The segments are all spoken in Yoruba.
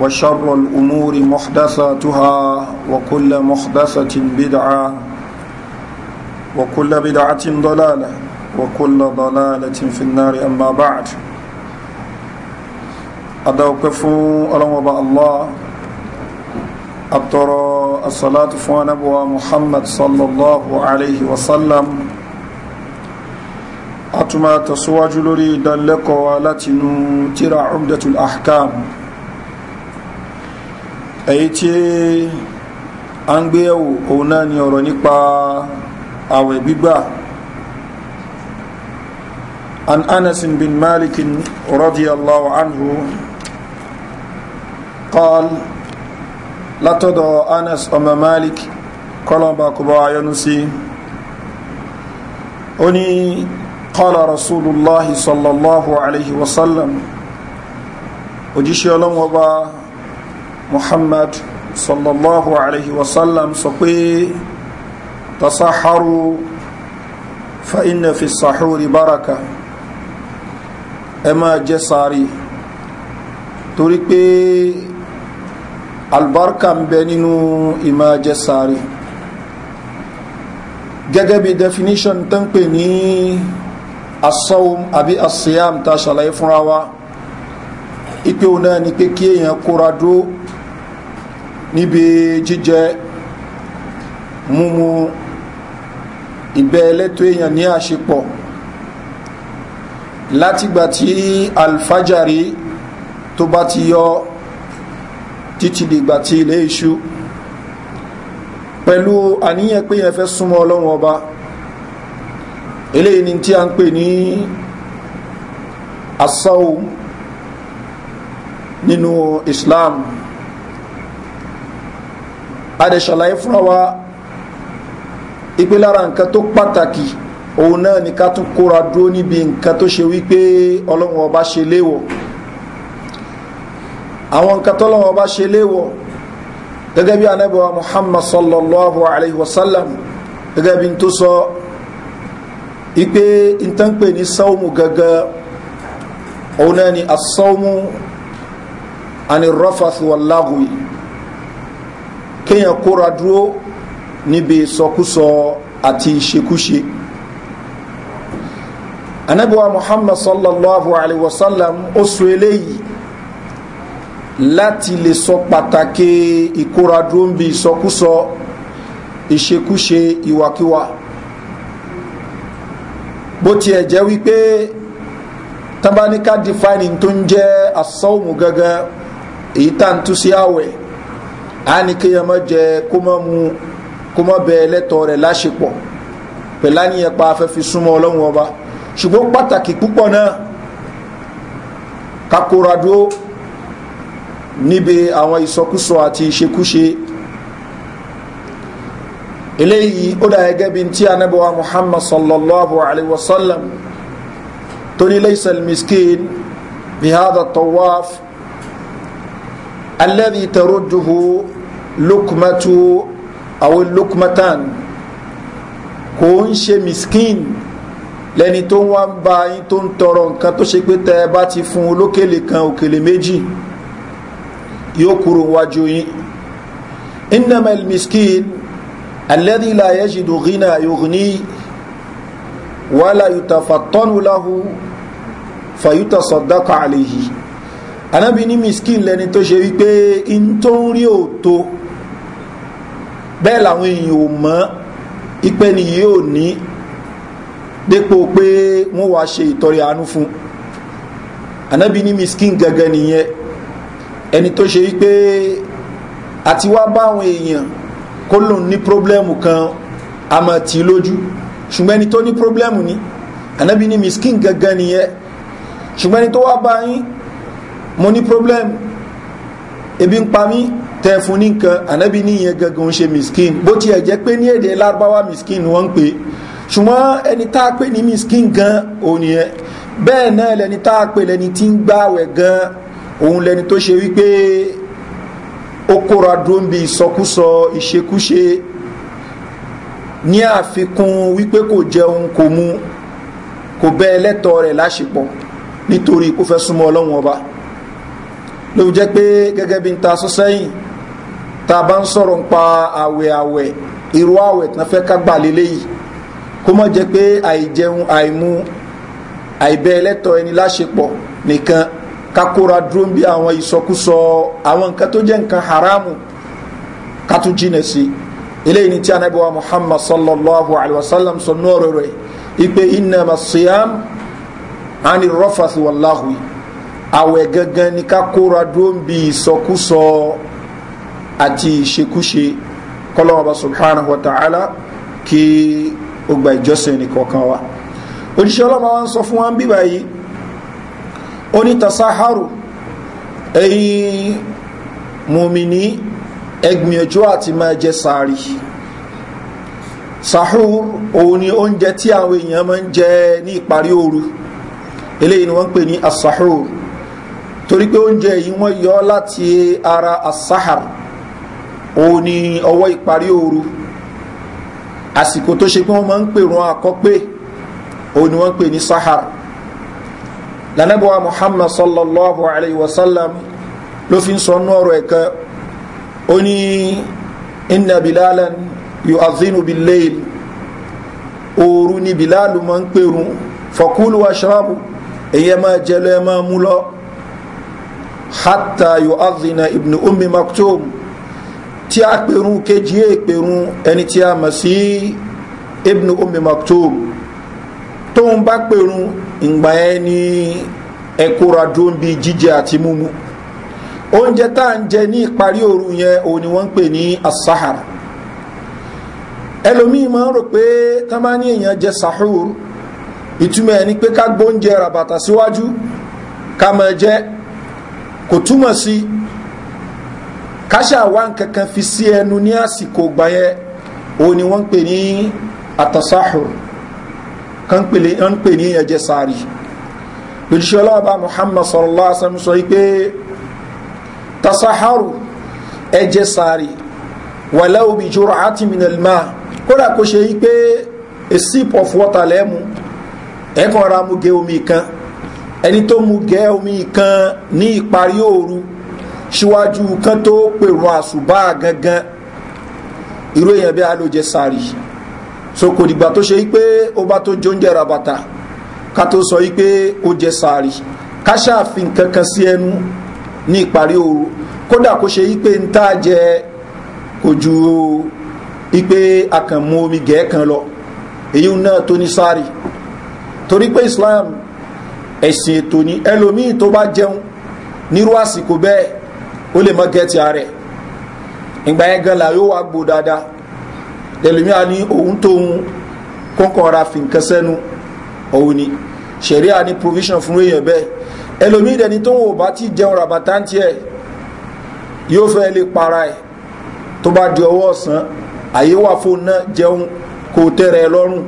وشر الأمور محدثاتها وكل محدثة بدعة وكل بدعة ضلالة وكل ضلالة في النار أما بعد أدوكف ألوم الله أطر الصلاة فوانبوى محمد صلى الله عليه وسلم أتما تسواج لري دلقوا لتنو ترى عمدة الأحكام èyí tí a ń gbé ẹ̀wò òun náà ni ọ̀rọ̀ nípa àwẹ̀ gbígbà an anas bin malik radiyallahu anhu qal látọ̀dọ̀ anas ọmọ malik kọlọ̀mbà kọba ayọ́nu sí ó ní qala rasulullahi sallallahu alaihi wasallam òjíṣẹ́ ọlọ́wọ́ bá muhammad sallallahu alayhi wa sallam sọ pé tasaharu fa inna fi sahuri baraka ẹ máa jẹ sáré torí pé albarka ń bẹ nínú ìmáa jẹ sáré gẹ́gẹ́ bí definition tó ń pè ní asawum àbí asiyam ta ṣàlàyé fúnra wa ipe náà ni pé kí èèyàn kóra dúró níbi jíjẹ múmu ìbẹ́ ẹlẹ́tọ́ èèyàn ní àṣepọ̀ látìgbà tí alfajari tó bá ti yọ títí dìgbà tí ilé iṣu pẹ̀lú àníyàn pé yẹn fẹ́ súnmọ́ ọlọ́run ọba eléyìí ni tí a ń pè ní asáwò nínú islam adẹ̀ṣàlàyé fúnra wa ìpélára nǹkan tó pàtàkì òun náà ni ká tún kóra dúró níbi nǹkan tó ṣe wípé ọlọ́run ọba ṣe léwọ̀ àwọn nǹkan tọ́lọ́run ọba ṣe léwọ̀ gẹ́gẹ́ bí anábẹ́wà muhammad sallallahu alayhi wa sallam gẹ́gẹ́ bí n tó sọ ipe ìtànpè ní sáwùmù gangan òun náà ni asáwùmù àni rọ́fàsì wàláhùwì kéèyàn kóra dúró níbi sọkúsọ àti ìṣekúṣe anabiwa muhammad sallallahu alaihi wasallam ó so eléyìí láti lè sọ pàtàkì ìkóra dúró níbi ìsọkúsọ ìṣekúṣe ìwàkíwà bó tiẹ̀ jẹ́ wípé tábánikà define tó ń jẹ́ asọ́ọ̀mù gẹ́gẹ́ èyí tá ń tú sí àwẹ̀ á ní kéèyàn mọ́ jẹ kó mọ́ mu kó mọ́ bẹ ẹlẹ́tọ̀ọ́ rẹ̀ láṣepọ̀ pẹ̀lá níyẹn pa afẹ́ fi súnmọ́ ọlọ́run ọba ṣùgbọ́n pàtàkì púpọ̀ náà kakora dúró níbi àwọn ìsọkúsọ àti ìṣekúṣe eléyìí ó dà gẹ́gẹ́ bí tí anábọ̀wá muhammad sallallahu alaihi wasallam tó ní laysal miskin bihada tawaf alladhi tarudduhu lukumatu àwọn lukumatan kò ń ṣe miskin lẹni tó wá ń ba yín tó ń tọrọ nǹkan tó ṣe pé tẹ ẹ bá ti fún olókèlè kan òkèlè méjì yóò kúrò wájú yín innama miskin alẹ́dí la yẹ́ṣidò ghina yòghní wàhálà yutafattanu lahu fayutasọ̀dákọ̀ àlèyìí anábi ní miskin lẹni tó ṣe wípé in tó ń rí òtó bẹ́ẹ̀ làwọn èèyàn ò mọ́ ipẹ́ ni yìí ò ní dépò pé wọ́n wá ṣe ìtọrẹ àánú fún anábi ní miskin gẹ́gẹ́ nìyẹn ẹni tó ṣe wípé àti wá bá àwọn èèyàn kó lòun ní pírọ́blẹ́mù kan a máa tì í lójú ṣùgbọ́n ẹni tó ní pírọ́blẹ́mù ni anábi ní miskin gẹ́gẹ́ nìyẹn ṣùgbọ́n ẹni tó wá bá yín mo ní problem ebi ń pa mí tẹ fún ní nǹkan ànábì níyẹn gangan ṣe miskin bó tiẹ̀ jẹ́ pé ní èdè lárúbáwá miskin wọ́n ń pè é ṣùgbọ́n ẹni tá a pè ní miskin gan ònìyẹn bẹ́ẹ̀ náà lẹni tá a pè lẹni tí ń gbààwẹ̀ gan òun lẹni tó ṣe wípé ó kóra dúró ń bi ìsọkúsọ ìṣekúṣe ní àfikún wípé kò jẹun kò mu kò bẹ́ ẹlẹ́tọ̀ rẹ̀ láṣepọ̀ nítorí kó fẹ́ súnmọ́ ọlọ́run ọba ló jẹ́ pé gẹ́gẹ́ bí n ta sọ sẹ́yìn tá a bá ń sọ̀rọ̀ ń pa àwẹ̀ àwẹ̀ irú àwẹ̀ tí wọ́n fẹ́ ká gbà léléyìí kó mọ̀ jẹ́ pé àìjẹun àìmu àìbẹ́ ẹlẹ́tọ̀ ẹni láṣepọ̀ nìkan kakora dúró bí àwọn ìsọkúsọ àwọn nǹkan tó jẹ́ nǹkan haramu ká tún jìnà sí eléyìí ni tí anábì muhammad sallallahu alayhi wa sallam sọ náà rẹ̀ rẹ̀ ipe innama siyam ani rọ́fàsí wàláhùí àwẹ̀ gangan ni ká kóra dúró ń bi ìsọkúsọ àti ìṣekúṣe kọ́lọ́wọ́ bá subhanahu wa ta'ala kí ó gba ìjọsìn nìkọ̀ọ̀kan wa òjíṣẹ́ ọlọ́mọ wa ń sọ fún wa ń bí báyìí ó ní tasaharu ẹ̀yin mùmìnì ẹgbìyànjú àti máa jẹ sàárì sahur òun ni oúnjẹ tí àwọn èèyàn máa ń jẹ ní ìparí ooru eléyìí ni wọ́n ń pè ní asahur as torí pé oúnjẹ yìí wọ́n yọ láti ara asahar òun ni ọwọ́ ìparí ooru àsìkò tó ṣe pé wọ́n máa ń pè wọn àkọ́pé òun ni wọ́n pè ní sahar lànàbọ̀wá muhammad sallallahu alayhi wa sallam ló fi ń sọ nú ọ̀rọ̀ ẹ̀kan ó inna bilalan yu azinu bilail ooru ni bilalu máa ń pèrún fọkúlù wa ṣọ́ọ̀bù èyí ẹ máa jẹ lọ ẹ máa mú lọ hatta yu azina ibn ummi maktum tí a pèrún kejì é pèrún ẹni tí a mọ̀ sí ibn ummi maktum tó ń bá pèrún ìgbà ẹ ní ẹkúra dùn bí jíjẹ àti múmu oúnjẹ tá à ń jẹ ní ìparí òru yẹn òun ni wọ́n ń pè ní asahara ẹlòmíì máa ń rò pé tá máa ní èèyàn jẹ sahur ìtumọ̀ ẹ̀ ni pé ká gbóúnjẹ ràbàtà síwájú ká máa jẹ́ kò túmọ̀ sí káṣà wá nkankan fi sí ẹnu ní àsìkò gbayẹ òun ni wọ́n ń pè ní àtàsáhùr kan ń pè ní ẹ̀jẹ̀ sáàrì lójúṣẹ́ ọlọ́ọ̀bá muhammad sallallahu sọ wípé tasaharu ẹ̀jẹ̀ sáàrì wàláwò jùrọ̀ àti minalma kódà kó ṣe wípé a sip of water lẹ́mu ẹ̀kan ra mú gé omi kan ẹni tó mu gẹ́ omi kan ní ìparí òru síwájú kan tó pèrún àṣùbá gangan irú èèyàn bí a sáré so kò dìgbà tó ṣe wípé ó bá tó jóúnjẹ rabata ká tó sọ wípé ó jẹ sáré ká ṣàfi nǹkan kan sí ẹnu ní ìparí òru kódà kó ṣe wípé ń tá jẹ kò ju wípé a kàn mu omi gẹ́ẹ̀ kan lọ èyí náà tó ní sáré torí pé islam ẹ̀sìn ètò ni ẹlòmíì tó bá jẹun nírú àsìkò bẹ́ẹ̀ ó lè mọ́ gẹ́tì ààrẹ ìgbà yẹn gan la yóò wá gbó dáadáa ẹlòmíì á ní òun tóun kọ́kọ́ ra fi nǹkan sẹ́nu òun ni ṣẹ̀rí à ní provision fún èèyàn bẹ́ẹ̀ ẹlòmíì dẹni tó ń wò bá ti jẹun ràbàtàntì ẹ̀ yóò fẹ́ lè para ẹ̀ tó bá di ọwọ́ ọ̀sán àyè wà fóun náà jẹun kò tẹ́rẹ̀ lọ́rùn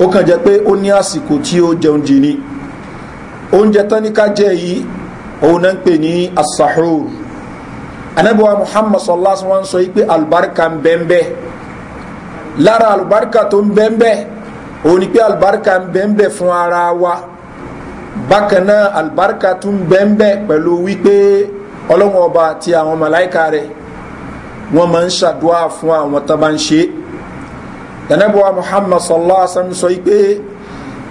ó kàn jẹ́ pé ó ní àsìkò tí ó jẹun jì ni oúnjẹ tán ní ká jẹ́ yìí òun náà ń pè ní asahur anabiwa muhammad sallallahu alaihi wa sallam sọ yìí pé alibarika ń bẹ́ńbẹ́ lára alibarika tó ń bẹ́ńbẹ́ òun ni pé alibarika ń bẹ́ńbẹ́ fún ara wa bákan náà alibarika tún bẹ́ńbẹ́ pẹ̀lú wípé ọlọ́wọ́n ọba àti àwọn màláìka rẹ̀ wọ́n máa ń ṣàdúrà fún àwọn tó bá ń ṣe anabiwa muhammad sallallahu alaihi wa sallam sọ pé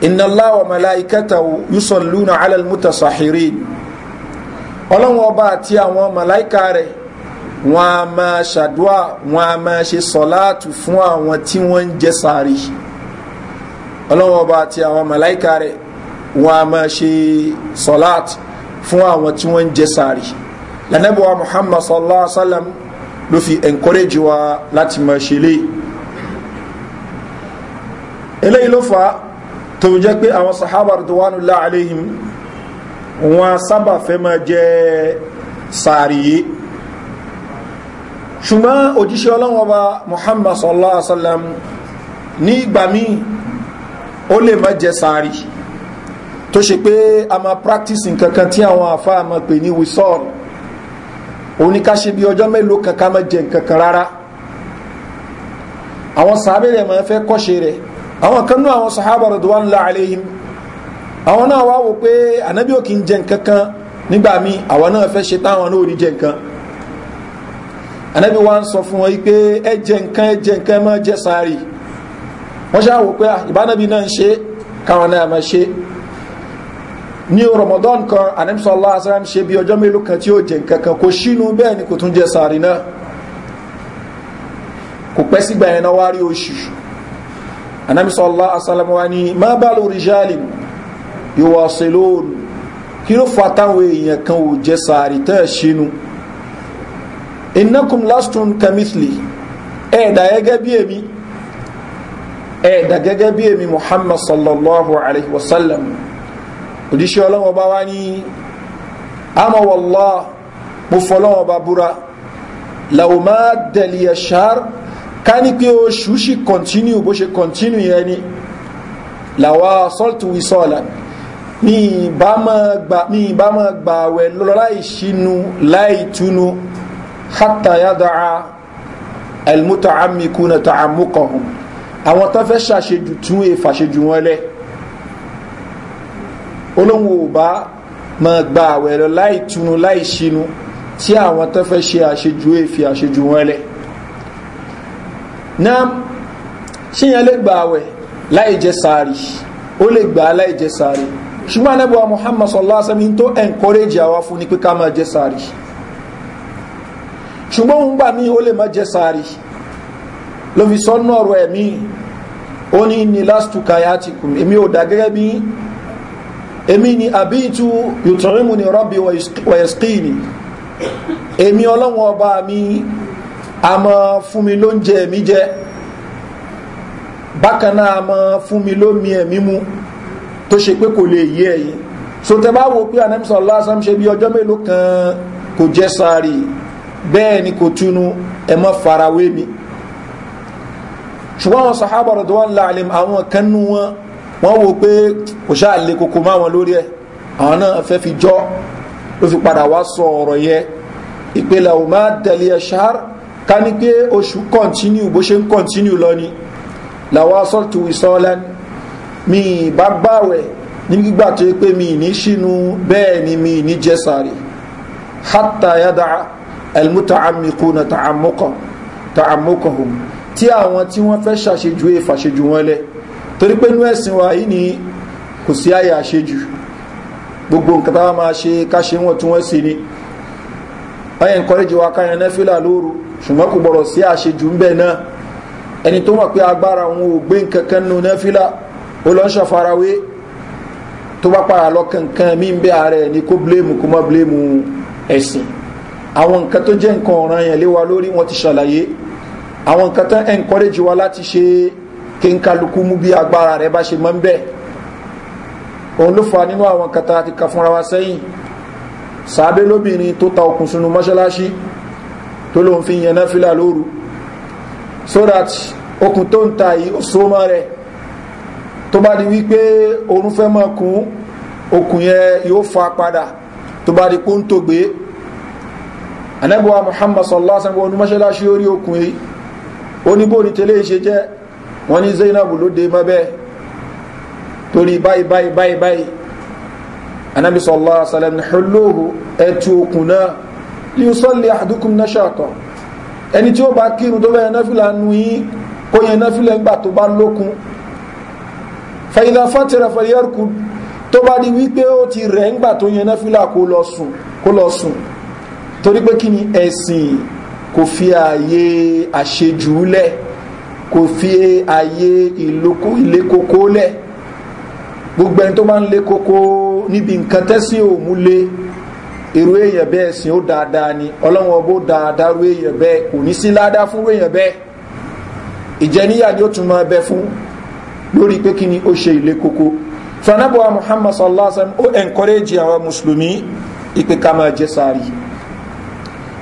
inna Allaha wa malaikatahu yusalluna ala al-mutasahirin ọlọ́run ọba àti àwọn màláìka rẹ̀ wọ́n a máa ṣàdúà wọ́n a máa ṣe sọ̀láàtù fún àwọn tí wọ́n ń jẹ sàárì ọlọ́run ọba àti àwọn màláìka rẹ̀ wọ́n a máa ṣe sọ̀láàtù fún àwọn tí wọ́n ń jẹ sàárì lànàbíwá Muhammad sallallahu alaihi wa sallam ló fi encourage wa láti máa ṣe léyìí eléyìí ló fà á tó jẹ́ pé àwọn sahaba ridwanullahi alayhim wọn sábà fẹ́ máa jẹ sàárìyé ṣùgbọ́n òjíṣẹ́ ọlọ́wọ́ bá muhammad sallallahu alaihi wasallam ní ìgbà míì ó lè má jẹ sàárì tó ṣe pé a máa practice nkankan tí àwọn àfáà máa pè ní wisol oníkáṣe bí ọjọ́ mélòó kankan máa jẹ nkankan rárá àwọn sàábẹ̀rẹ̀ máa fẹ́ kọ́ṣe rẹ̀ àwọn kan náà àwọn sahaba radwanullah alayhim àwọn náà wá wò pé ànábì ò kí ń jẹ nǹkan kan nígbà míì àwọn náà fẹ́ ṣe táwọn náà ò ní jẹ nǹkan ànábì wa ń sọ fún wọn pé ẹ jẹ nǹkan ẹ jẹ nǹkan ẹ má jẹ sáré wọ́n ṣáà wò pé ah, ìbánábì náà ń ṣe káwọn náà máa ṣe ní Ramadan kan ànábì sallallahu alaihi ṣe bí ọjọ́ mélòó kan tí ó jẹ nǹkan kan kò sínú bẹ́ẹ̀ ni kò tún jẹ sáré náà kò pẹ́ sígbà yẹn náà wá rí oṣù anabi sallallahu alaihi wasallam wa ni ma balu rijalin yuwasilun kí ló fa táwọn èèyàn kan ò jẹ sàárì tẹ́ ṣínú innakum lastun kamithli ẹ̀ẹ̀dà gẹ́gẹ́ bí èmi ẹ̀ẹ̀dà gẹ́gẹ́ bí èmi muhammad sallallahu alaihi wasallam òdíṣẹ́ ọlọ́wọ́ bá wá ní amọ̀wọ̀lá mo fọlọ́wọ́ bá búra laumá dẹ̀lì ẹ̀ṣàr ká ní pé oṣù ṣì continue bó ṣe continue yẹn ni làwa salt wisọ́ọ̀lá ní ìbámọ́ gbà wẹ̀ lọ́lọ́ láì ṣínú láì túnú hátà yádáa ẹlmúta na ta àmúkọ̀hún àwọn tó fẹ́ ṣàṣejù tún èfàṣejù e wọn lẹ́ olóhùn ò bá mọ́ gbà wẹ̀ lọ túnú láì ṣínú tí àwọn tó fẹ́ ṣe àṣejù èfi e àṣejù wọn lẹ́ náà ṣíyàn lè gbà àwẹ̀ láì jẹ sáàrì ó lè gbà á láì jẹ sáàrì ṣùgbọ́n anábọ̀wá muhammad sallallahu alaihi wasallam tó encourage àwa fún ni pé ká máa jẹ sáàrì ṣùgbọ́n òun gbà mí ó lè má jẹ sáàrì ló fi sọ́nà ọ̀rọ̀ ẹ̀mí ó ní ní lásìtù kayatikum èmi ò dá gẹ́gẹ́ bí èmi ni àbítu yùtọ̀rímù ni rọ́bì wọ̀yẹ̀sìkì ni èmi ọlọ́wọ́n ọba mi a mọ fún mi lóúnjẹ ẹ̀mí jẹ bákan náà a mọ fún mi lómi ẹ̀mí mu tó ṣe pé kò lè yé ẹ̀yìn so tẹ bá wo pé anamisa lásán ṣe bí ọjọ́ mélòó kan kò jẹ́ sáré bẹ́ẹ̀ ni kò túnú ẹ mọ́ farawé mi ṣùgbọ́n àwọn sàhábà rẹ̀ tó wọ́n la àlè àwọn kan nú wọn wọ́n wo pé kò ṣáà lè koko mọ́ àwọn lórí ẹ̀ àwọn náà fẹ́ fi jọ́ ló fi padà wá sọ ọ̀rọ̀ yẹ ìpele àwọn máa dẹ̀lẹ́ ṣáà ká ní pé oṣù kọ́ntínú bó ṣe ń kọ́ntínú lọ ni làwọn asọ́tù ìsọ́lá mi bá gbàwẹ̀ ní gbígbà tó yẹ pé mi ní ṣínú bẹ́ẹ̀ ni mi ní jẹ́ sáré hátà yádà ẹlmúta àmìkú na tààmúkọ̀hùn tí wọ́n yẹn kọ́lẹ́jì wa ká yẹn nẹ́fílà lóru ṣùgbọ́n kò gbọ́dọ̀ sí àṣejù ń bẹ̀ náà ẹni tó mọ̀ pé agbára òun ò gbé nǹkan nù nẹ́fílà ó lọ́ ṣàfarawé tó bá para lọ kankan mí ń bẹ́ ààrẹ ni kó bléèmù kó má bléèmù ẹ̀sìn àwọn nǹkan tó jẹ́ nǹkan ọ̀ràn yẹn lé wa lórí wọn ti ṣàlàyé àwọn nǹkan tán ẹnkọ́rẹ́jì wa láti ṣe kí n kálukú mú bí agbára rẹ bá ṣe mọ́ ń bẹ́ẹ̀ òun ló fa nínú àwọn nǹkan tá ti kà fúnra wa sẹ́yìn sàábé lóbìnrin tó ta okùn sínú mọ́ṣáláṣí tó lóun fi yẹn náfìlà lóru so that okùn tó ń ta yìí ó so mọ́ rẹ̀ tó bá di wípé orun fẹ́ mọ́ kún okùn yẹn yóò fa padà tó bá di pó ń tó anẹ́bọ̀wà muhammad sallásán wọn mọ́ṣáláṣí orí okùn yìí ó ní bóòrí tẹ́lẹ̀ ṣe jẹ́ wọ́n ní zainab ló dé mọ́bẹ́ torí báyìí báyìí báyìí báyìí anabi sallallahu alaihi wasallam ni hulluhu etu okuna li yusalli ahadukum nashata ẹni tí ó bá kírun tó bá nafila nu yi kó yan nafila gba tó bá lókun fa idha fatara falyarkud tó bá di wípé ó ti rẹ̀ ngba tó yan nafila kó lọ sùn kó lọ torí pé kíni ẹ̀sìn kò fi ààyè àṣejù kò fi ààyè ìlé gbogbo ẹni tó bá ń lé níbi nǹkan tẹ́sí òmúlé irú èèyàn bẹ́ẹ̀ sìn ó dáadáa ni ọlọ́run ọbó dáadáa rú èèyàn bẹ́ẹ̀ kò ní sí ládá fún èèyàn bẹ́ẹ̀ ìjẹníyà ni ó tún máa bẹ fún lórí pé kí ni ó ṣe ilé koko sanabuwa muhammad sallallahu alaihi wasallam ó encourage àwọn mùsùlùmí ìpè ká máa jẹ sáàrí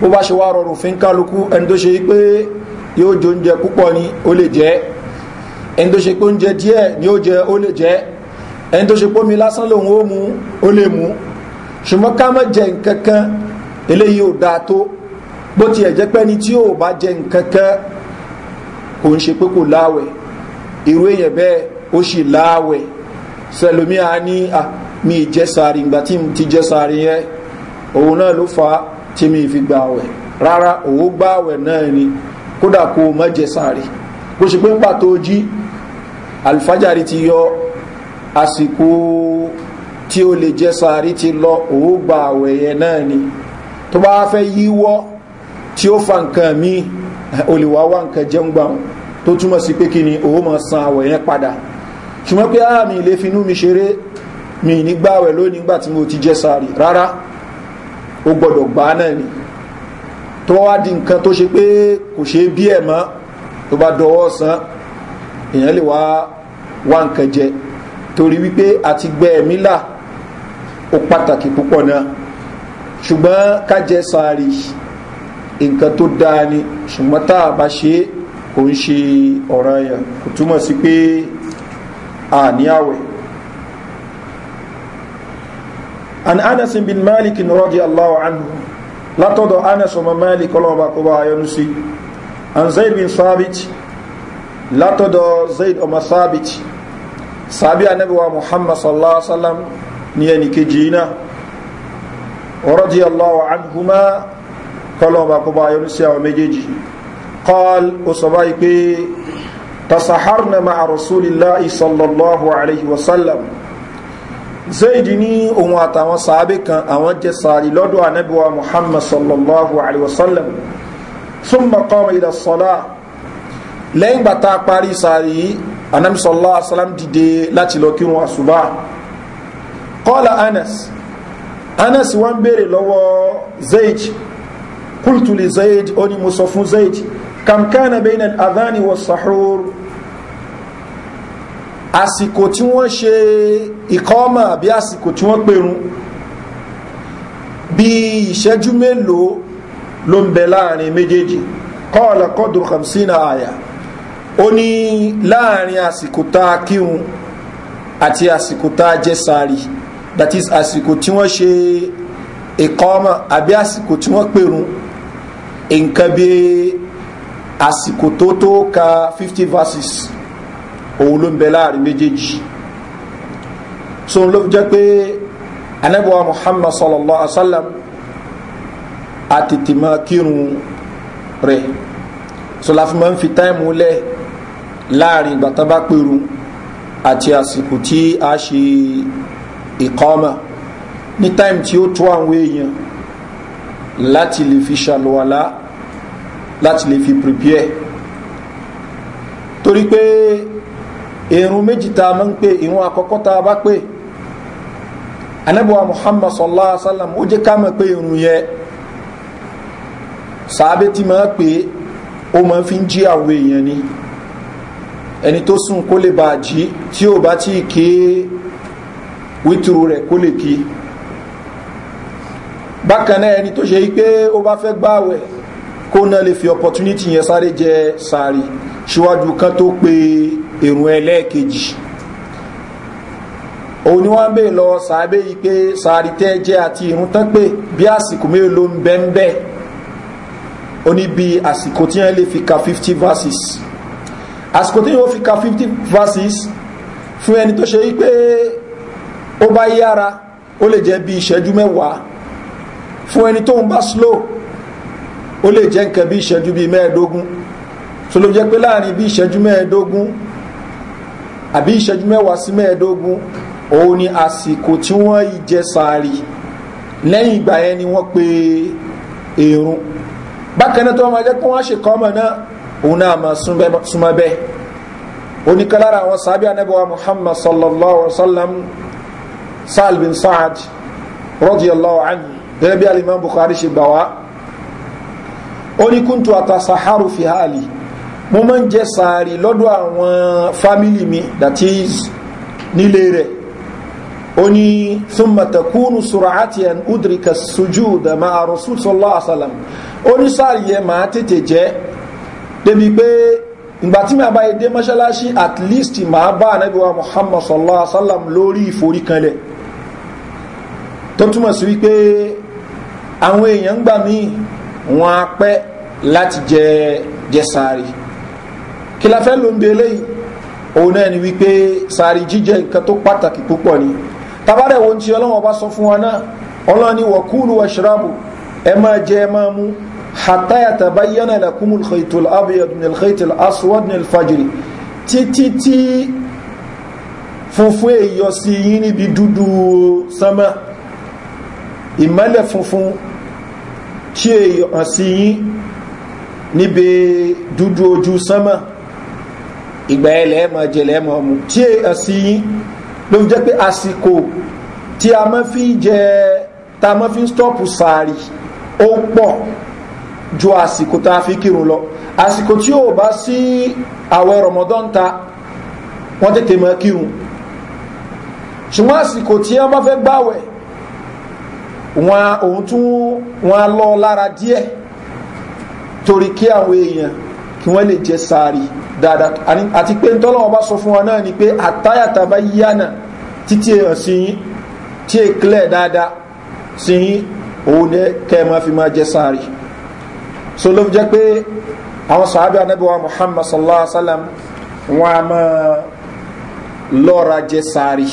bó bá ṣe wá rọrùn fún kálukú ẹni tó ṣe pé yóò jẹ oúnjẹ púpọ̀ ni ó lè jẹ ẹni tó ṣe pé oúnjẹ díẹ̀ ni ó jẹ ó lè jẹ ẹni tó ṣe pómi lásán lòun ó mu ó lè mu ṣùgbọ́n ká má jẹ nǹkan kan eléyìí ò dáa tó bó tiẹ̀ jẹ́ pẹ́ni tí ò bá jẹ nǹkan kò ń ṣe pé kò láwẹ̀ irú èèyàn bẹ́ẹ̀ ó ṣì láwẹ̀ sẹlòmíà ní à mi jẹ́ sàárì ìgbà tí mi ti jẹ́ sàárì yẹn òun náà ló fa tí mi fi gbà wẹ̀ rárá òwò gbà wẹ̀ náà ni kódà kó o jẹ sàárì bó ṣe pé ń pàtó jí àlùfájàrí ti yọ àsìkò tí ó lè jẹ́ sàárì ti lọ òógbà àwẹ̀ yẹn náà ni tó bá fẹ́ yíwọ́ tí ó fa nǹkan mi ò lè nǹkan jẹun tó túmọ̀ sí pé kí ni òó mọ̀ san àwẹ̀ padà ṣùgbọ́n pé àmì ah, ilé finú mi ṣeré mi nígbà àwẹ̀ lónìí nígbà tí mo ti jẹ́ sàárì rárá ó gbọ́dọ̀ gbà náà ni tó wá di nǹkan tó ṣe pé kò ṣe bí ẹ̀ tó bá dọwọ́ san èèyàn lè wá wá nǹkan jẹ torí wípé àti gbẹ ẹ̀mí là ó pàtàkì púpọ̀ náà ṣùgbọ́n kájẹ sàárì nǹkan tó dáa ni ṣùgbọ́n tá a bá ṣe kò ń ṣe ọ̀ràn yẹn kò túmọ̀ sí pé a ní àwẹ̀ an anas bin malik rọ́dí aláwọ̀ anhu látọ̀dọ̀ anas ọmọ malik ọlọ́ọ̀bá kó bá ayọ́nu sí an zaid bin sabit látọ̀dọ̀ zaid ọmọ sabit sàbí anabiwa muhammad sallallahu alaihi wa sallam ní ẹnì kejì iná radiyallahu anhuma kọlọ́ọ̀bà kó bá yọrù sí àwọn méjèèjì qal ó sọ báyìí pé tasaharna ma'a rasulillahi sallallahu alaihi wa sallam zaidi ní ohun àtàwọn sàábé kan àwọn jẹ sàárì lọ́dọ̀ anabiwa muhammad sallallahu alaihi wa thumma qama ila salah lẹ́yìn gbàtà parí sàárì anabi sallallahu alaihi wasallam dìde láti lọ kírun àṣùbà qala anas anas wa ń béèrè lọ́wọ́ zayd qultu li zayd ó ní mo sọ fún zayd kam kana bayna al-adhani wa sahur àsìkò tí wọ́n ṣe ìkọ́mà bí àsìkò tí wọ́n pèrún bí ìṣẹ́jú mélòó ló ń bẹ láàrin méjèèjì qala qadru khamsina àyà ó ní láàrin àsìkò tá a kírun àti àsìkò tá a jẹ sàárì that is àsìkò tí wọ́n ṣe ìkọ́mọ̀ àbí àsìkò tí wọ́n pèrún nǹkan bí àsìkò tó tó ka fifty verses òun ló ń bẹ láàrin méjèèjì so ló jẹ́ pé anabiwa muhammad sallallahu alaihi wa sallam a tètè máa kírun rẹ̀ so láfi máa ń fi táìmù lẹ́ẹ̀ láàrin ìgbà tán bá pèrú àti àsìkò tí a ṣe ìkọ́mà ní táìmù tí ó tó àwọn èèyàn láti lè fi ṣàlùwàlá láti lè fi prepare torí pé irun méjì tá máa ń pè irun àkọ́kọ́ tá bá pè anábọ̀wá muhammad sallallahu alaihi wa sallam ó jẹ́ ká mọ̀ pé irun yẹn sàábé tí máa pè ó máa fi ń jí àwọn èèyàn ni ẹni tó sùn kó lè bá jí tí ó bá tí ké wítúrú rẹ̀ kó lè kí bákanáà ẹni tó ṣe pé ó bá fẹ́ gbáwẹ̀ kó náà lè fi opportunity yẹn sáré jẹ sáré ṣíwájú kan tó pe èrùn ẹlẹ́ẹ̀kejì òun ni wọ́n bè lọ sàábé yìí pé sáré tẹ́ jẹ́ àti irun tán pé bí àsìkò mélòó ń bẹ́ńbẹ́ ó ní bí àsìkò tí wọ́n lè fi ka fifty verses àsìkò tí yóò fi ka 50 verses fún ẹni tó ṣe wípé ó bá yára ó lè jẹ́ bí ìṣẹ́jú mẹ́wàá fún ẹni tó ń bá slow ó lè jẹ́ nǹkan bí ìṣẹ́jú bí mẹ́ẹ̀ẹ́dógún tó ló jẹ́ pé láàrin bí ìṣẹ́jú mẹ́ẹ̀ẹ́dógún àbí ìṣẹ́jú mẹ́wàá sí mẹ́ẹ̀ẹ́dógún òun ni àsìkò tí wọ́n jẹ sàárì lẹ́yìn ìgbà yẹn ni wọ́n pe èrún bákan náà tó wọ́n máa jẹ́ pé wọ́n á ṣe kọ́mọ̀ náà òun náà máa súnmọ́ bẹ́ẹ̀ oníkalára àwọn sàábí anábíwá muhammad sallallahu alaihi wa sallam sa'al bin sa'ad radiyallahu anhu gẹ́gẹ́ bí alimam bukhari ṣe gbà wá ó ní kúntù àtàsàhárù fi hàlì mo máa ń jẹ sàárì lọ́dọ̀ àwọn fámìlì mi that is nílé rẹ̀ ó ní súnmọ̀tàkùnù sùràátìyàn udrika sujú dama rasul sallallahu alaihi wa sallam ó ní sàárì yẹ máa tètè jẹ́ débi pé ìgbà tí màá bá yẹ dé mọ́ṣáláṣí at least màá bá ànábì muhammad sallallahu alaihi wasallam sallam lórí ìforíkanlẹ̀ tó túmọ̀ sí wípé àwọn èèyàn ń gbà míì wọn á pẹ́ láti jẹ jẹ sáré kí la fẹ́ ló ń bi eléyìí òun náà ni wípé sáré jíjẹ nǹkan tó pàtàkì púpọ̀ ni tabarẹ̀ wo ń ti ọlọ́wọ́n bá sọ fún wa náà ọlọ́ni wọ̀kúlù wọ̀ṣọ́rábù ẹ máa jẹ ẹ máa mú hatta yatabayyana lakumul khaytul abyad min al khaytil aswad min al fajr títí tí funfun èyọ sí yín níbi dúdú sánmà ìmọ́lẹ̀ funfun tí èyàn sí yín níbi dúdú ojú sánmà ìgbà ẹlẹ́ ma jẹlẹ́ ma mú tí èyàn sí yín ló jẹ́ pé àsìkò tí a mọ́ fi jẹ ta mọ́ fi stọ́pù sàárì ó pọ̀ ju àsìkò tá a fi kírun lọ àsìkò tí ò bá sí àwẹ̀ rọmọdán ta wọ́n tètè mọ́ kírun ṣùgbọ́n àsìkò tí wọ́n bá fẹ́ gbáwẹ̀ wọn òun tún wọn lọ lára díẹ̀ torí kí àwọn èèyàn kí wọ́n lè jẹ sáàrí dáadáa àti pé ń tọ́lọ́wọ́ bá sọ fún wa náà ni pé àtáyàtà bá yíyànà títí èèyàn sí yín tí èkílẹ̀ dáadáa sí yín òun kẹ́ ẹ máa fi máa jẹ sáàrí so ló fi jẹ́ pé àwọn sàábẹ́ anábíwá muhammad sallallahu alaihi wa sallam wọn a máa lọ́ra jẹ sáré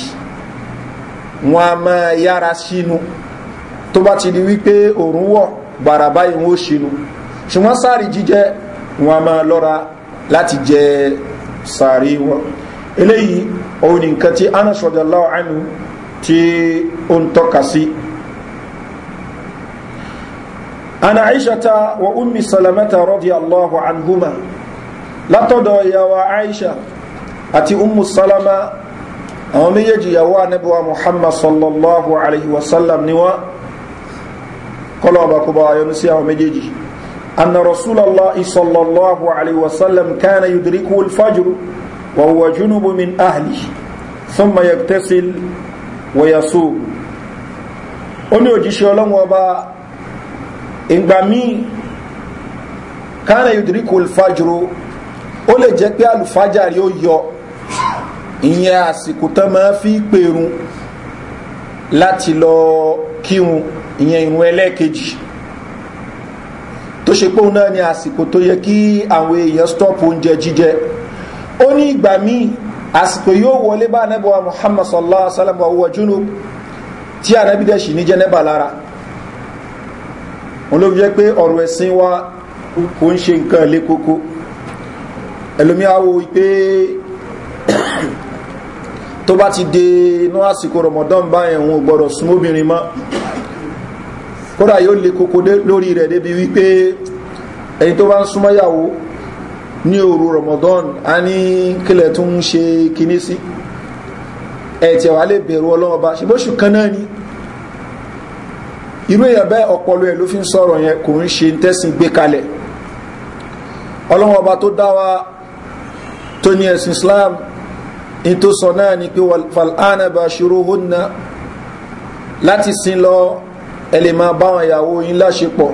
wọn a máa yára sínú tó bá ti di wípé òórùn wọ̀ gbàrà báyìí wọn ó sínú ṣùgbọ́n sáré jíjẹ wọn a máa lọ́ra láti jẹ sáré wọn eléyìí òun ni nǹkan tí anas rọ̀dọ̀láwọ̀ ànú tí ó ń tọ́ka sí ana aishata wa ummi salamata radiyallahu anhuma látọ̀dọ̀ ìyàwó aisha àti ummu salama àwọn méjèèjì ìyàwó anábíwá muhammad sallallahu alayhi wa sallam ni wọ́n kọ́lọ̀ ọba kó bá ayọ́nu sí àwọn méjèèjì anna rasulallah sallallahu alayhi wa sallam kana yudriku alfajr wa huwa junubu min ahli thumma yaktasil wa yasum ó ní òjíṣẹ́ ọlọ́run ìgbà míì kánà yudiriku alfajro ó lè jẹ́ pé alùfájàrí ó yọ ìyẹn àsìkò tán máa fi pèrún láti lọ kírun ìyẹn ìrún ẹlẹ́ẹ̀kejì tó ṣe pé òun náà ni àsìkò tó yẹ kí àwọn èèyàn stop oúnjẹ jíjẹ ó ní ìgbà míì àsìkò yóò wọlé bá anábọ̀ muhammad sallallahu alaihi wa sallam wa wọ́n júnú tí anábìdẹ̀ṣì ní jẹ́nẹ́bà lára wọn ló fi jẹ́ pé ọ̀rọ̀ ẹ̀sìn wa kò ń ṣe nǹkan ilé kókó ẹlòmí àwọ̀ pé tó bá ti dé inú àsìkò rọmọdán báyẹn òun gbọ́dọ̀ súnmóbìnrin mọ́ kódà yóò lè kókó lórí rẹ̀ débi wípé ẹni tó bá ń súnmọ́yàwó ní òru ramadan a ní kílẹ̀ tó ń ṣe kíní sí ẹ̀ lè bẹ̀rù ọlọ́wọ́ ṣe bóṣù kan náà ni irú èèyàn bẹ́ẹ̀ ọpọlọ ẹ̀ ló fi ń sọ̀rọ̀ yẹn kò ń ṣe tẹ́sìn gbé kalẹ̀ ọlọ́wọ́n ọba tó dá wa tó ní ẹ̀sìn islam in tó sọ náà ni pé fal'ana bá ṣòro hónà láti sin lọ ẹlẹ́mà báwọn ìyàwó yín láṣepọ̀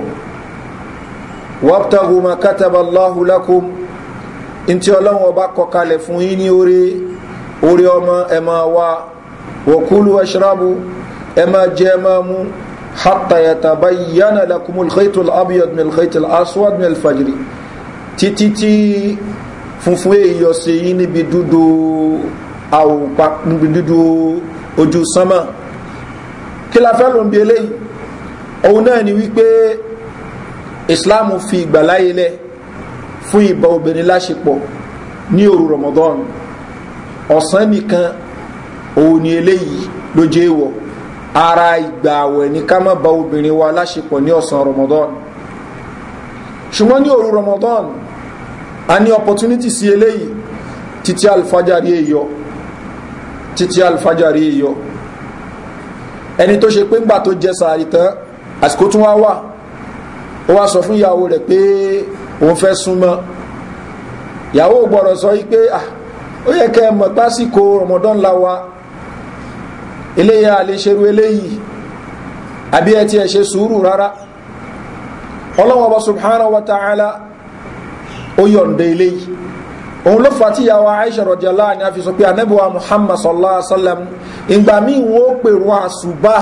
wàbtàgù kátàbà láhùlákùm in tí ọlọ́wọ́n ọba kọkalẹ̀ fún yín ní orí orí ọmọ ẹ̀mà wa wọ̀kúlù ẹ̀ṣrábù ẹ̀mà jẹ́ ẹ̀mà mú hatta yatabayyana lakumul khaytul abyad min khaytil aswad min al-fajr títí tí funfun eyo se yin níbi dúdú awu pa níbi dúdú ojú sánmà kí la fẹ́ ló ń bi eléyìí òun náà ni wípé islam fi ìgbàláyé lẹ̀ fún ìbá obìnrin láṣepọ̀ ní òru ramadan ọ̀sán nìkan òun ni eléyìí ló jẹ́ èèwọ̀ ara ìgbà àwẹ̀ ní ká má ba obìnrin wa láṣepọ̀ ní ọ̀sán Ramadan ṣùgbọ́n ní òru Ramadan a ní opportunity sí eléyìí títí alfajari èyọ títí alfajari èyọ ẹni tó ṣe pé ńgbà tó jẹ sàárì tán àsìkò tún wá wà ó wá sọ fún ìyàwó rẹ̀ pé òun fẹ́ súnmọ́ ìyàwó gbọ́dọ̀ sọ yí pé ah, ó yẹ kẹ́ ẹ pásíkò Ramadan la wa eléyà a lè ṣerú eléyìí àbí ẹ ti ẹ̀ ṣe sùúrù rárá ọlọ́wọ́ba subhanahu wa ta'ala ó yọ̀nda eléyìí òun ló fàtí ìyàwó Aisha radiyallahu anha fi sọ pé anẹ́bùwa Muhammad sallallahu alaihi wasallam ìgbà míì wọ́n pèrò àṣùbá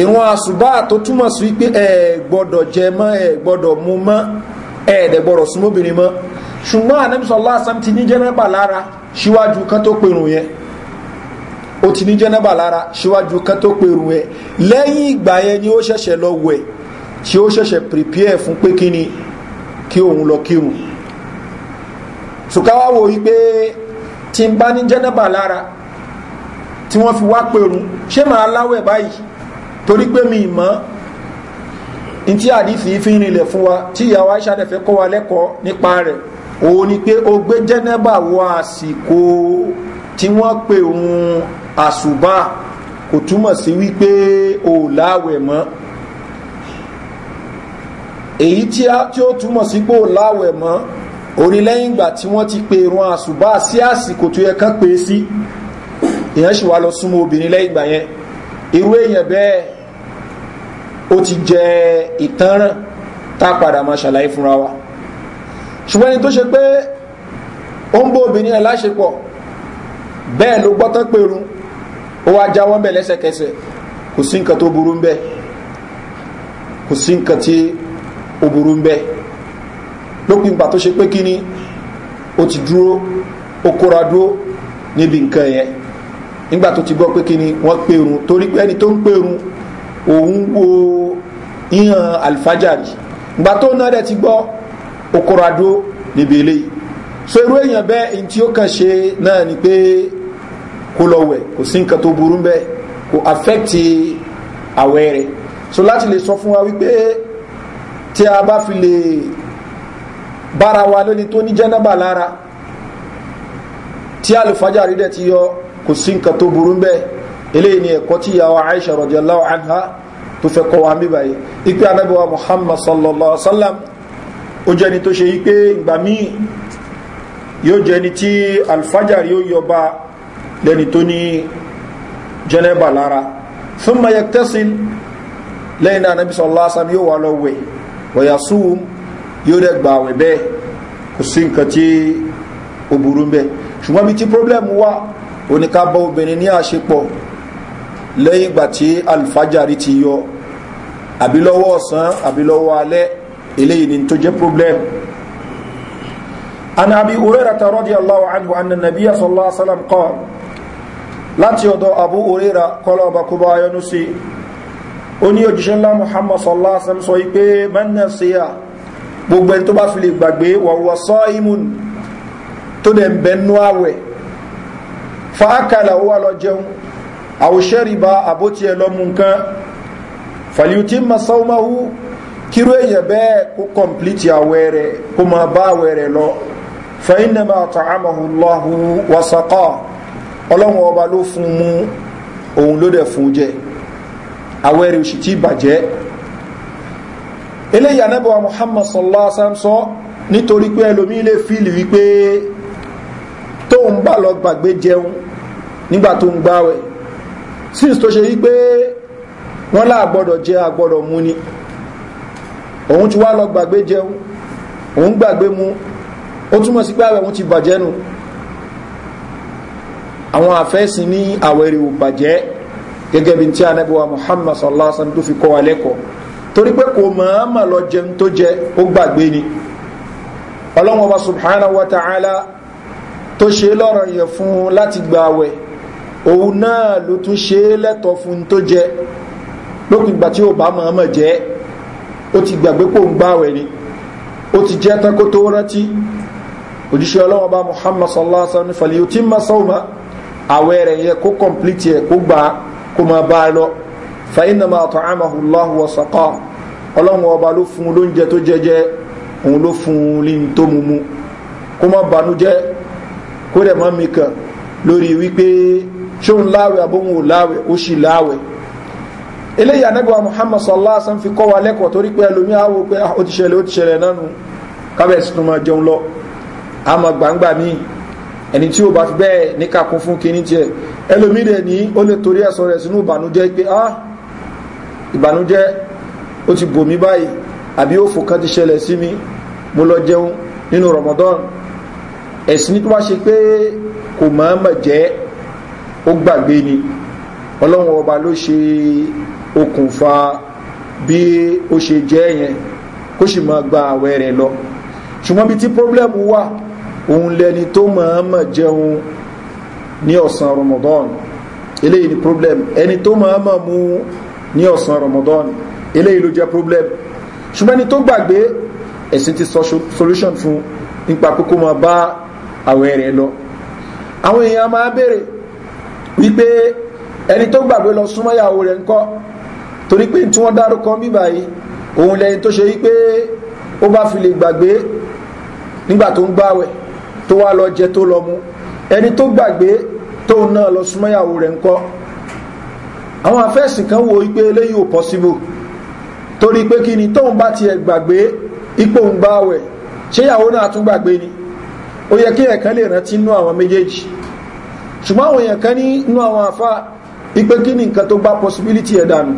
ìrún àṣùbá tó túmọ̀ sí pé ẹ gbọ́dọ̀ jẹ mọ́ ẹ gbọ́dọ̀ mu mọ́ ẹ dẹ̀ ó ti ní jẹ́nẹ́bà lára síwájú kan tó pèrú ẹ lẹ́yìn ìgbà yẹn ni ó ṣẹ̀ṣẹ̀ lọ wẹ̀ tí ó ṣẹ̀ṣẹ̀ prepare fún pé kí ni kí òun lọ kírun sùkáwá wo wípé tí n bá ní jẹ́nẹ́bà lára tí wọ́n fi wá pèrú ṣé màá láwẹ̀ báyìí torí pé mi mọ́ n tí àdífì fi ń rinlẹ̀ fún wa tí ìyàwó aṣááfẹ́ kọ́ wa lẹ́kọ̀ọ́ nípa rẹ̀ òun ni pé ó gbé jẹ́nẹ́bà wọ àsìkò tí wọ́n pè òun àṣùbá kò túmọ̀ sí wípé o láwẹ̀ mọ́ èyí tí ó túmọ̀ sí pé o láwẹ̀ mọ́ onílẹ́yìn ìgbà tí wọ́n ti pe ìrun àṣùbá sí àsìkò tó yẹ kán pé sí èèyàn sì wá lọ súnmọ́ obìnrin lẹ́yìn ìgbà yẹn irú èèyàn bẹ́ẹ̀ ó ti jẹ ìtanràn tá a padà máa ṣàlàyé fúnra wa ṣùgbọ́n ẹni tó ṣe pé ó ń bó obìnrin ẹ̀ láṣepọ̀ bẹ́ẹ̀ ló gbọ́tán pèrún ó wá jáwọ́ ń bẹ̀ lẹ́sẹ̀kẹsẹ̀ kò sí nǹkan tó burú ń bẹ̀ kò sí nǹkan tí ó burú ń bẹ̀ lópin ìgbà ṣe pé kí ni ó ti dúró ó kóra dúró níbi nǹkan yẹn nígbà tó ti gbọ́ pé kí ni wọ́n pèrún torí pé ẹni tó ń pèrún òun wo ìhàn alifájàrì ìgbà tó náà dẹ̀ ti gbọ́ ó kóra dúró níbi eléyìí so irú èèyàn bẹ́ẹ̀ ní tí ó kàn ṣe náà ni pé kó lọ wẹ̀ kò sí nǹkan tó burú bẹ́ẹ̀ kò affect àwẹ̀ rẹ̀ so láti lè sọ fún wa wípé tí a bá fi lè bára wa lóni tó ní jẹ́nàbà lára tí alùfájà rí dẹ̀ ti yọ kò sí nǹkan tó burú bẹ́ẹ̀ eléyìí ni ẹ̀kọ́ tí ìyàwó aisha rọ̀jọ̀láwọ̀ anha tó fẹ́ kọ́ wa ń bíbáyé muhammad sallallahu sallam ó jẹ́ni tó ṣe yí pé lẹ́ni tó ní jẹ́nẹ́bà lára fún ma yẹtẹ́sìn lẹ́yìn náà nàbí sọ̀rọ̀ lásán yóò wà lọ́wẹ̀ wọ̀yà súnwùm yóò dẹ̀ gbà àwẹ̀ bẹ́ẹ̀ kò sí nǹkan tí ó burú bẹ́ẹ̀ ṣùgbọ́n bí tí problem wà oníkàbọ̀ obìnrin ní àṣepọ̀ lẹ́yìn ìgbà tí alfajari ti yọ àbí lọ́wọ́ ọ̀sán àbí lọ́wọ́ alẹ́ eléyìí ni tó jẹ́ problem an abi urera ta rọ́dí allahu anhu anna nabiya sallallahu alaihi wasallam qala láti ọ̀dọ̀ abu orira kọlọ̀ ọba kó bá ayọ́nú sí ó ní òjíṣẹ́ ńlá muhammad sallallahu alaihi wasallam sọ wípé mẹ́nà síyà gbogbo ẹni tó bá fi lè gbàgbé wọ̀wọ̀ sọ imun tó dẹ̀ ń bẹ nú àwẹ̀ fa ákàlà ó wà lọ jẹun àwòṣẹ́ rí àbótí ẹ lọ́mú nǹkan fàlìutí ma sọ́ọ́máwú kíró èèyàn bẹ́ẹ̀ kó kọ̀m̀plìtì àwẹ̀ rẹ̀ kó máa bá àwẹ̀ rẹ̀ lọ fa ìnàmà àtàmàhùn lọ́hùn wàsàkọ́ọ̀ ọlọ́wọ́n ọba ló fún mú òun ló dẹ̀ fún jẹ àwẹ̀ rẹ̀ tí bàjẹ́ eléyìí anábọ̀wá muhammad sallallahu alaihi wasallam sọ nítorí pé ẹlòmí lè fíìlì wípé tóun bá lọ gbàgbé jẹun nígbà tó ń gbáwẹ̀ since tó ṣe wípé wọ́n láà gbọ́dọ̀ jẹ àgbọ́dọ̀ mú ni òun ti wá lọ gbàgbé jẹun òun gbàgbé mú ó túmọ̀ sí pé àwẹ̀ òun ti bàjẹ́ nu àwọn àfẹ́sìn ní àwẹ̀rẹ̀ ò bàjẹ́ gẹ́gẹ́ bí tí anábíwá muhammad sallallahu alaihi wasallam tó fi kọ́ wa lẹ́kọ̀ọ́ torí pé kò mọ̀ọ́mà lọ jẹun tó jẹ ó gbàgbé ni ọlọ́wọ́n wa subhanahu wa ta'ala tó ṣe lọ́rọ̀ yẹ fún un láti gba àwẹ̀ òun náà ló tún ṣe lẹ́tọ̀ fún tó jẹ lókùn ìgbà tí ó bá mọ̀ọ́mà jẹ́ ó ti gbàgbé pò ń gbá àwẹ̀ ni ó ti jẹ́ tán kó tó rántí òjíṣẹ́ ọlọ́wọ́n bá muhammad sallallahu alaihi fàlẹ́ yóò ti ń ma àwẹ̀ rẹ̀ yẹ kó kọ̀m̀plìtì ẹ̀ kó gbà kó máa bá a lọ fàyínàmà àtọ̀hámàhù lọ́hùn ọ̀sọ̀kọ́ ọlọ́run ọba ló fún un lóúnjẹ tó jẹjẹ òun ló fún un lí tó mumu kó má banújẹ́ kó dẹ̀ má mi kàn lórí wípé ṣóun láwẹ̀ àbóhùn ò láwẹ̀ ó sì láwẹ̀ eléyìí anábíwá muhammad sallallahu alaihi wa sallam fi kọ́ wa lẹ́kọ̀ọ́ torí pé ẹlòmí àwò pé ah, ó ti ṣẹlẹ̀ ó ti ṣẹlẹ̀ nánu kábẹ̀sì tó máa jẹun lọ àmọ́ gbàǹgbà ẹni tí ó bá fi bẹ́ẹ̀ ní kàkún fún kíní tiẹ̀ ẹlòmídẹ̀ ní ó lè torí ẹ̀sọ́ rẹ̀ sínú ìbànújẹ́ pé ah ìbànújẹ́ ó ti bò mí báyìí àbí ó fòkàn ti ṣẹlẹ̀ sí mi mo lọ jẹun nínú ramadan ẹ̀sìn tó bá ṣe pé kò mọ̀ọ́mọ̀ jẹ́ ó gbàgbé ni ọlọ́run ọba ló ṣe okùnfà bí ó ṣe jẹ́ yẹn kó sì máa gba àwẹ̀ rẹ̀ lọ ṣùgbọ́n bí tí pọ́blẹ́mù wà òun lẹni tó mọ̀ọ́mọ̀ jẹun ní ọ̀sán ramadan eléyìí ni problem ẹni tó mọ̀ọ́mọ̀ mú ní ọ̀sán ramadan eléyìí ló jẹ́ problem ṣùgbọ́n ni tó gbàgbé ẹ̀sìn ti solution fún nípa kókó máa bá àwẹ̀ rẹ̀ lọ àwọn èèyàn máa béèrè wípé ẹni tó gbàgbé lọ súnmọ́yàwó rẹ̀ ńkọ́ torí pé tí wọ́n dárúkọ bíbáyìí òun lẹ́yìn tó ṣe wípé ó bá fi lè gbàgbé nígbà tó ń gbáwẹ̀ tó wá lọ jẹ tó lọ mú ẹni tó gbàgbé tóun náà lọ súnmọ́yàwó rẹ̀ ń kọ́ àwọn afẹ́sìn kan wo wípé eléyìí ò possible torí pé kí ni tóun bá tiẹ̀ gbàgbé ipò ń bá wẹ̀ ṣéyàwó náà tún gbàgbé ni ó yẹ kí ẹ̀kan lè rántí inú àwọn méjèèjì ṣùgbọ́n àwọn èèyàn kan ní àwọn àfá ipé kí ní nǹkan tó bá possibility ẹ̀ dànù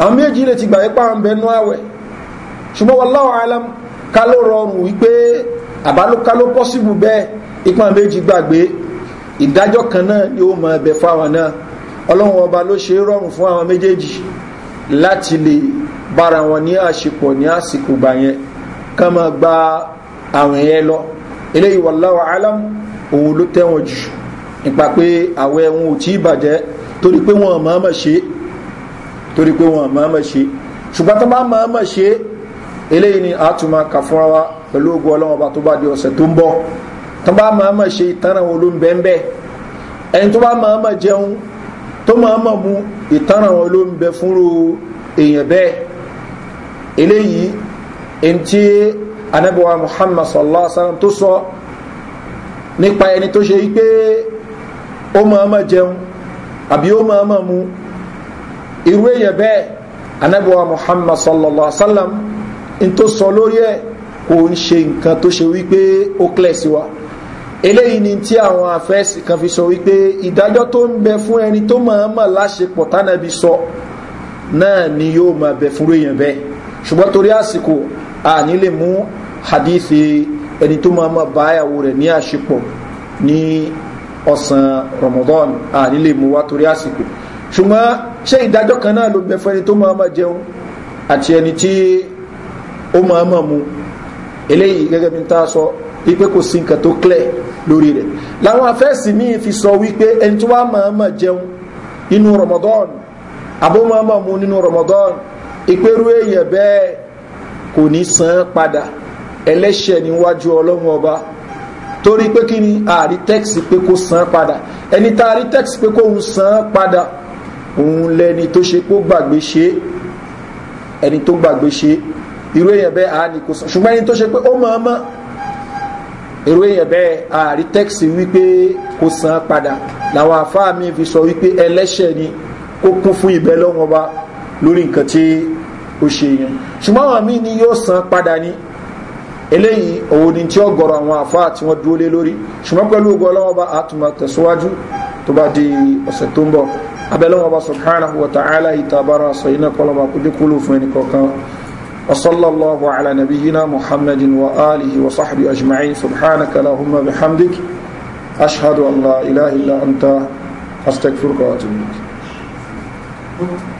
àwọn méjì lè ti gbà ipá ń bẹnu àwẹ̀ ṣùgbọ́n wọ́n láwọn alam ká ló rọrùn wípé àbálòká ló pọ́síbù bẹ́ẹ̀ ipa méjì gbàgbé ìdájọ́ kan náà ni ó mọ ẹbẹ̀ fáwọn náà ọlọ́run ọba ló ṣe rọrùn fún àwọn méjèèjì láti lè bára wọn ní àṣepọ̀ ní àsìkò gbà yẹn kán máa gba àwọn yẹn lọ eléyìí wàláwà alam òun ló tẹ́wọ̀n jù nípa pé àwọ̀ ẹ̀wọ̀n ò tí ì bàjẹ́ torí pé wọn ò máa mọ̀ ṣe torí pé wọn ò máa mọ̀ ṣe ṣùgbọ́n tó bá máa mọ̀ ṣe eléyìí ni a tún máa kà fúnra wa pẹ̀lú ogun ọlọ́wọ́n bá tó bá di ọ̀sẹ̀ tó ń bọ̀ tó bá máa ma ṣe ìtanràn wọn ló ń bẹ́ẹ̀ bẹ́ẹ̀ ẹni tó bá máa ma jẹun tó máa ma mu ìtanràn wọn ló ń bẹ fúnru èèyàn bẹ́ẹ̀ eléyìí ẹni tí anábíwá muhammad sallallahu alaihi wa sallam tó sọ nípa ẹni tó ṣe pé ó máa ma jẹun àbí ó máa ma mu irú èèyàn bẹ́ẹ̀ anábíwá muhammad sallallahu alaihi wa sallam n tó sọ lórí ẹ̀ kò ń ṣe nǹkan tó ṣe wípé ó clear wa eléyìí ni tí àwọn àfẹ́sì kan fi sọ wípé ìdájọ́ tó ń bẹ fún ẹni tó máa mà láṣepọ̀ tánàbí sọ náà ni yóò máa bẹ fún èèyàn bẹ́ẹ̀ ṣùgbọ́n torí àsìkò àní lè mú hadithi ẹni tó máa máa bá àyàwó rẹ̀ ní àṣepọ̀ ní ọ̀sán ramadan àní lè mú wá torí àsìkò ṣùgbọ́n ṣé ìdájọ́ kan náà ló bẹ fún ẹni tó máa máa jẹun àti ẹni tí ó máa mọ̀ mu eléyìí gẹ́gẹ́ bí n ta sọ wípé kò sí nǹkan tó clear lórí rẹ̀ làwọn afẹ́sì míì fi sọ wípé ẹni tó wá máa mọ̀ jẹun nínú ramadan àbó máa mọ̀ mu nínú ramadan ìpérú èèyàn bẹ́ẹ̀ kò ní san padà ẹlẹ́ṣẹ̀ níwájú ọlọ́run ọba torí pé kí ni àrí tẹ́kìsì pé kó san padà ẹni tá a rí pé kó ń san padà òun lẹni tó ṣe kó gbàgbé ṣe ẹni tó gbàgbé ṣe irú èèyàn bẹ́ẹ̀ a ní kò sọ ṣùgbọ́n ẹni tó ṣe pé ó máa mọ́ irú èèyàn bẹ́ẹ̀ ààrí tẹ́kìsì wípé kò san padà làwọn àfáà mi fi sọ wípé ẹlẹ́ṣẹ̀ ni kó kún fún ìbẹ́ lọ́wọ́ ọba lórí nǹkan tí ó ṣe yẹn ṣùgbọ́n àwọn míì ni yóò san padà ni eléyìí òun ni tí ó àwọn àfáà tí wọ́n dúró lé lórí ṣùgbọ́n pẹ̀lú ogun ọlọ́wọ́ ọba àtùmọ̀ tẹ̀síwájú tó bá di ọ̀sẹ̀ tó ń bọ̀ abẹ́lẹ́wọ̀n ọba subhanahu wa ta'ala ìtàbára sọ iná kọlọ́ba kójú kúlù fún ẹnì kọ̀ọ̀kan وصلى الله على نبينا محمد وآله وصحبه أجمعين سبحانك اللهم بحمدك أشهد أن لا إله إلا أنت أستغفرك وأتوب إليك